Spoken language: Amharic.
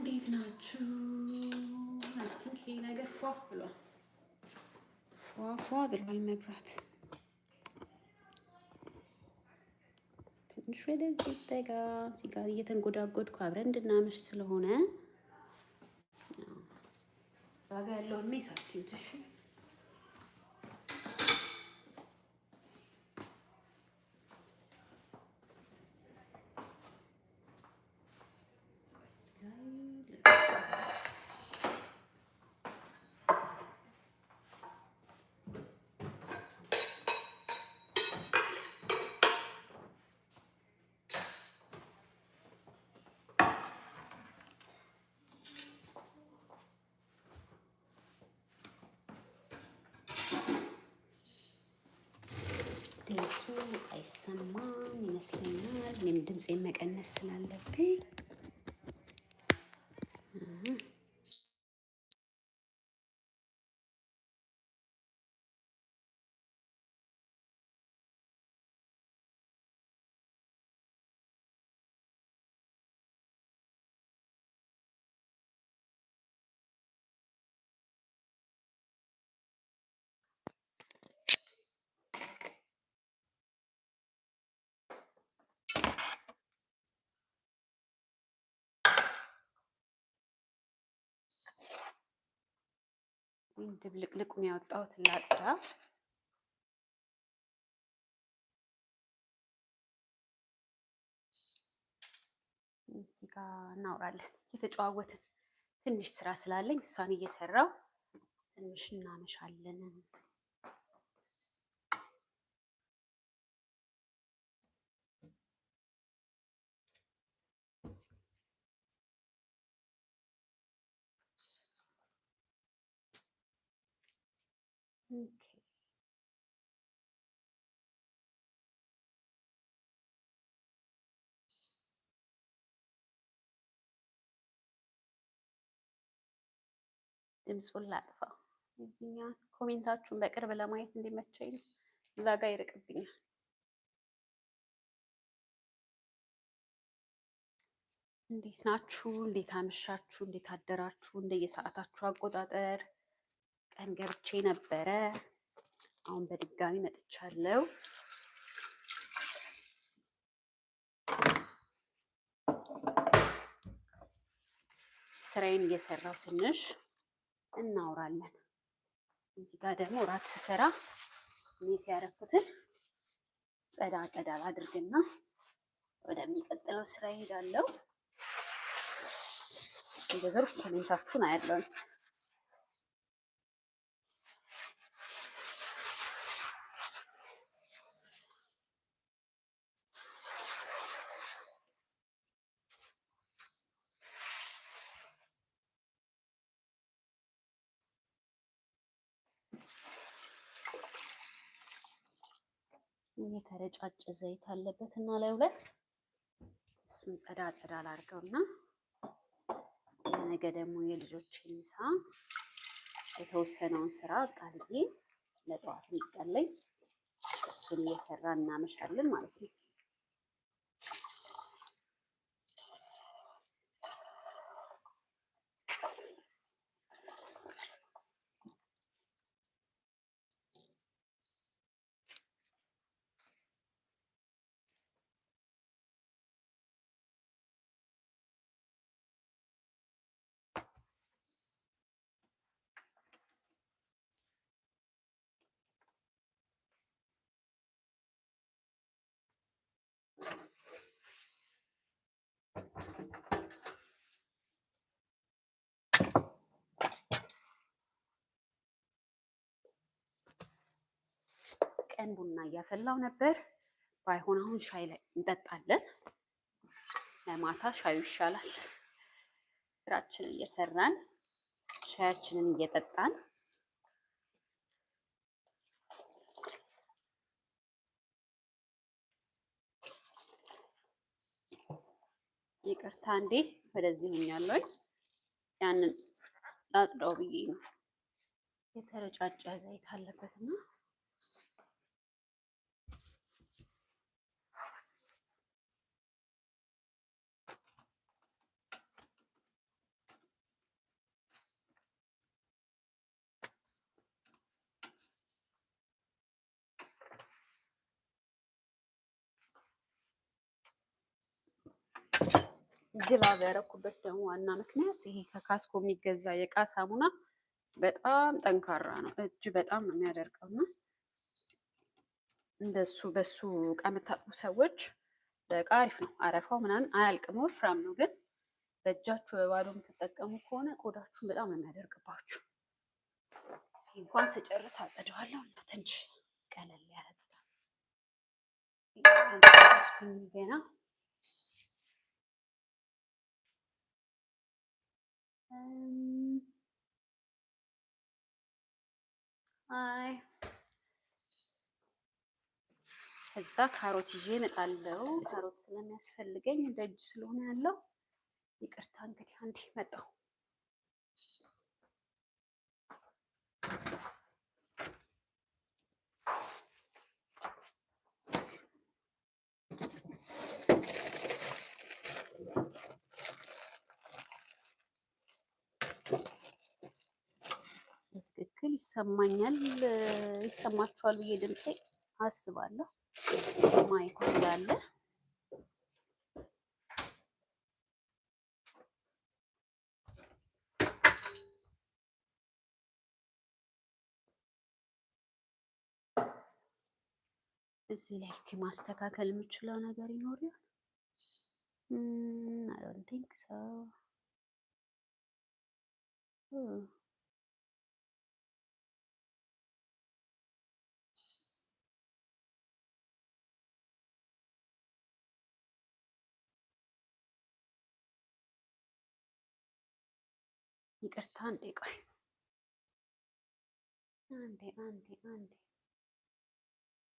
እንዴት ናችሁ? ይሄ ነገር ፏ ብሏል፣ ፏፏ ብሏል። መብራት ትንሽ ወደዚህ ጠጋ እየተንጎዳጎድኩ አብረን እንድናመሽ ስለሆነ እዛ ጋ ያለውን ትንትሽ አይሰማም ይመስለኛል። እኔም ድምፄን መቀነስ ስላለብኝ ወይም ድብልቅልቅ የሚያወጣሁት ላጽዳ። እዚህ ጋ እናውራለን የተጨዋወትን። ትንሽ ስራ ስላለኝ እሷን እየሰራው ትንሽ እናመሻለን። Okay. ድምፁን ላጥፋው። እዚኛ ኮሜንታችሁን በቅርብ ለማየት እንዲመቸኝ ነው። እዛ ጋር ይርቅብኛል። እንዴት ናችሁ? እንዴት አመሻችሁ? እንዴት አደራችሁ? እንደየሰዓታችሁ አቆጣጠር ቀን ገብቼ ነበረ። አሁን በድጋሚ መጥቻለሁ። ስራዬን እየሰራሁ ትንሽ እናውራለን። እዚህ ጋር ደግሞ እራት ስሰራ እኔ ሲያረኩትን ጸዳ ጸዳ አድርግና ወደሚቀጥለው ስራ ይሄዳለሁ። እንደዞር ኮሜንታችሁን አያለውን የተረጫጨ ዘይት አለበት እና ላዩ ላይ እሱን ጸዳ ጸዳ ላድርገው እና ለነገ ደግሞ የልጆች ምሳ የተወሰነውን ስራ ቃልዬ ለጠዋት የሚቀለኝ እሱን እየሰራ እናመሻለን ማለት ነው። ቀን ቡና እያፈላው ነበር። ባይሆን አሁን ሻይ ላይ እንጠጣለን። ለማታ ሻዩ ይሻላል። ስራችንን እየሰራን ሻያችንን እየጠጣን ይቅርታ እንዴ ወደዚህ ሆኛለሁ። ያንን ላጽዳው ብዬ ነው የተረጫጨ ዘይት አለበትና ድባብ ያደረኩበት ደግሞ ዋና ምክንያት ይሄ ከካስኮ የሚገዛ የእቃ ሳሙና በጣም ጠንካራ ነው። እጅ በጣም ነው የሚያደርገው እና እንደሱ በሱ እቃ የምታጥቡ ሰዎች በቃ አሪፍ ነው። አረፋው ምናምን አያልቅም፣ ወፍራም ነው። ግን በእጃችሁ በባዶ የምትጠቀሙ ከሆነ ቆዳችሁን በጣም ነው የሚያደርግባችሁ። እንኳን ስጨርስ አጸደዋለሁ እና ትንሽ ቀለል ያለ ዜና አይ ከዛ ካሮት ይዤ እመጣለሁ። ካሮት ስለሚያስፈልገኝ ደጅ ስለሆነ ያለው ይቅርታ እንግዲህ አንዴ መጣሁ። ይሰማኛል። ይሰማችኋል ብዬ ድምፄ አስባለሁ። ማይኩ ስላለ እዚህ ላይ ማስተካከል የምችለው ነገር ይኖር ይሆን? አይ ዶንት ቲንክ ሶ ይቅርታ አንዴ ቆይ አንዴ አንዴ አንዴ